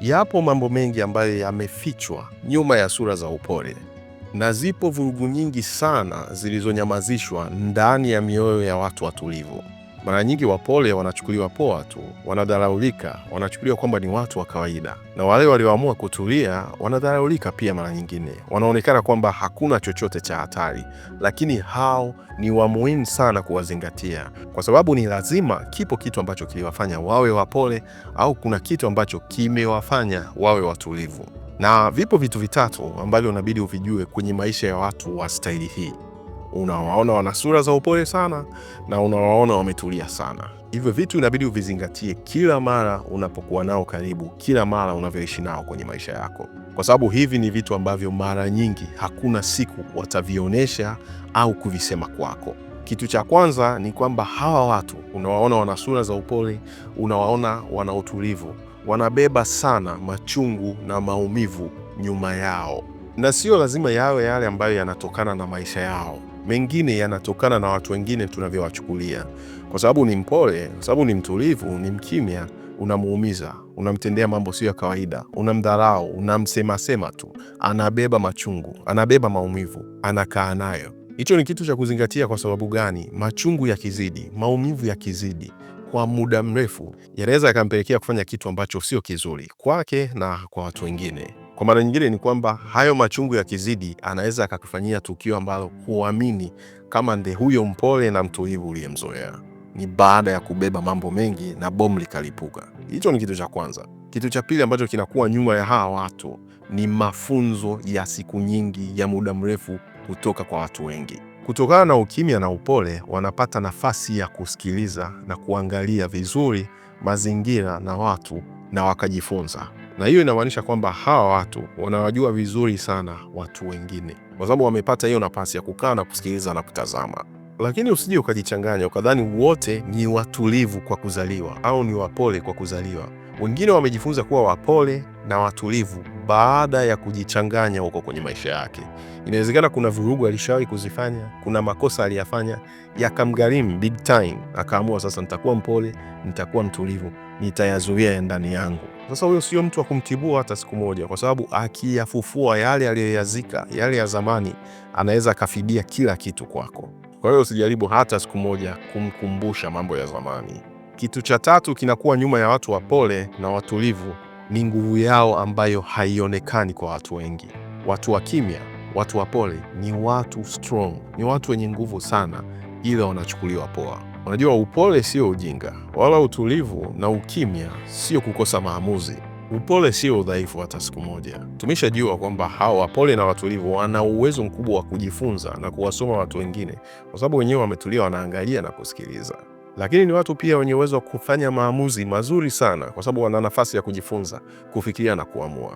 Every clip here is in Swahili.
Yapo mambo mengi ambayo yamefichwa nyuma ya sura za upole, na zipo vurugu nyingi sana zilizonyamazishwa ndani ya mioyo ya watu watulivu. Mara nyingi wapole wanachukuliwa poa tu, wanadharaulika, wanachukuliwa kwamba ni watu wa kawaida, na wale walioamua kutulia wanadharaulika pia. Mara nyingine wanaonekana kwamba hakuna chochote cha hatari, lakini hao ni wa muhimu sana kuwazingatia, kwa sababu ni lazima kipo kitu ambacho kiliwafanya wawe wapole au kuna kitu ambacho kimewafanya wawe watulivu, na vipo vitu vitatu ambavyo unabidi uvijue kwenye maisha ya watu wa staili hii unawaona wana sura za upole sana na unawaona wametulia sana. Hivyo vitu inabidi uvizingatie kila mara unapokuwa nao karibu, kila mara unavyoishi nao kwenye maisha yako, kwa sababu hivi ni vitu ambavyo mara nyingi hakuna siku watavionyesha au kuvisema kwako. Kitu cha kwanza ni kwamba hawa watu unawaona wana sura za upole, unawaona wana utulivu, wanabeba sana machungu na maumivu nyuma yao, na sio lazima yawe yale ambayo yanatokana na maisha yao mengine yanatokana na watu wengine tunavyowachukulia, kwa sababu ni mpole, kwa sababu ni mtulivu, ni mkimya, unamuumiza, unamtendea mambo sio ya kawaida, unamdharau, unamsemasema tu, anabeba machungu, anabeba maumivu, anakaa nayo. Hicho ni kitu cha kuzingatia. Kwa sababu gani? Machungu yakizidi, maumivu yakizidi kwa muda mrefu, yanaweza yakampelekea kufanya kitu ambacho sio kizuri kwake na kwa watu wengine. Kwa maana nyingine ni kwamba hayo machungu yakizidi, anaweza akakufanyia tukio ambalo huamini kama nde huyo mpole na mtulivu uliyemzoea. Ni baada ya kubeba mambo mengi na bomu likalipuka. Hicho ni kitu cha kwanza. Kitu cha pili ambacho kinakuwa nyuma ya hawa watu ni mafunzo ya siku nyingi ya muda mrefu kutoka kwa watu wengi. Kutokana na ukimya na upole, wanapata nafasi ya kusikiliza na kuangalia vizuri mazingira na watu na wakajifunza na hiyo inamaanisha kwamba hawa watu wanawajua vizuri sana watu wengine, kwa sababu wamepata hiyo nafasi ya kukaa na kusikiliza na kutazama. Lakini usije ukajichanganya ukadhani wote ni watulivu kwa kuzaliwa au ni wapole kwa kuzaliwa. Wengine wamejifunza kuwa wapole na watulivu baada ya kujichanganya huko kwenye maisha yake. Inawezekana kuna vurugu alishawahi kuzifanya, kuna makosa aliyafanya yakamgharimu big time, akaamua sasa nitakuwa mpole, nitakuwa mtulivu nitayazuia ndani yangu. Sasa huyo sio mtu wa kumtibua hata siku moja, kwa sababu akiyafufua yale aliyoyazika, yale ya zamani, anaweza akafidia kila kitu kwako. Kwa hiyo usijaribu hata siku moja kumkumbusha mambo ya zamani. Kitu cha tatu kinakuwa nyuma ya watu wapole na watulivu ni nguvu yao ambayo haionekani kwa watu wengi. Watu wa kimya, watu wapole ni watu strong, ni watu wenye nguvu sana ila wanachukuliwa poa. Unajua, upole sio ujinga, wala utulivu na ukimya sio kukosa maamuzi. Upole sio udhaifu hata siku moja. Tumeshajua kwamba hawa wapole na watulivu wana uwezo mkubwa wa kujifunza na kuwasoma watu wengine, kwa sababu wenyewe wametulia, wanaangalia na kusikiliza lakini ni watu pia wenye uwezo wa kufanya maamuzi mazuri sana, kwa sababu wana nafasi ya kujifunza, kufikiria na kuamua.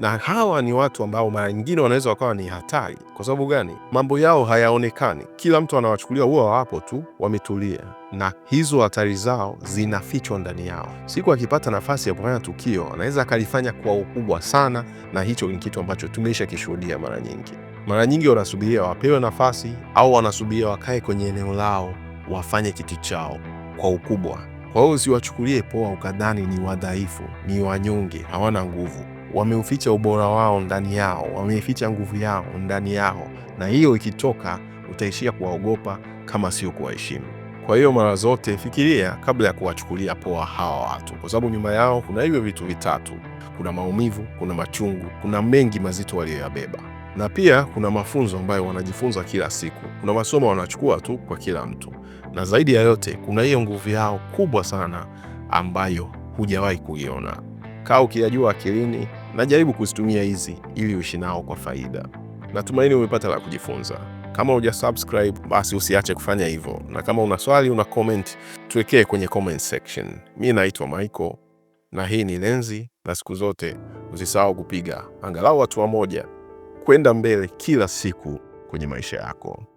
Na hawa ni watu ambao mara nyingine wanaweza wakawa ni hatari. Kwa sababu gani? Mambo yao hayaonekani, kila mtu anawachukulia huwa wapo tu, wametulia, na hizo hatari zao zinafichwa ndani yao. Siku akipata nafasi ya kufanya tukio, anaweza akalifanya kwa ukubwa sana, na hicho ni kitu ambacho tumeisha kishuhudia mara nyingi. Mara nyingi wanasubiria wapewe nafasi au wanasubiria wakae kwenye eneo lao wafanye kitu chao kwa ukubwa. Kwa hiyo usiwachukulie poa ukadhani ni wadhaifu, ni wanyonge, hawana nguvu. Wameuficha ubora wao ndani yao, wameificha nguvu yao ndani yao, na hiyo ikitoka utaishia kuwaogopa kama sio kuwaheshimu. Kwa hiyo mara zote fikiria kabla ya kuwachukulia poa hawa watu, kwa sababu nyuma yao kuna hivyo vitu vitatu: kuna maumivu, kuna machungu, kuna mengi mazito waliyoyabeba, na pia kuna mafunzo ambayo wanajifunza kila siku kuna masomo wanachukua tu kwa kila mtu, na zaidi ya yote kuna hiyo nguvu yao kubwa sana ambayo hujawahi kuiona. Kaa ukiyajua akilini na jaribu kuzitumia hizi ili uishi nao kwa faida. Natumaini umepata la kujifunza. Kama uja basi usiache kufanya hivyo, na kama una swali, una comment, tuwekee kwenye comment section. Mi naitwa Michael na hii ni Lenzi, na siku zote usisahau kupiga angalau hatua moja kwenda mbele kila siku kwenye maisha yako.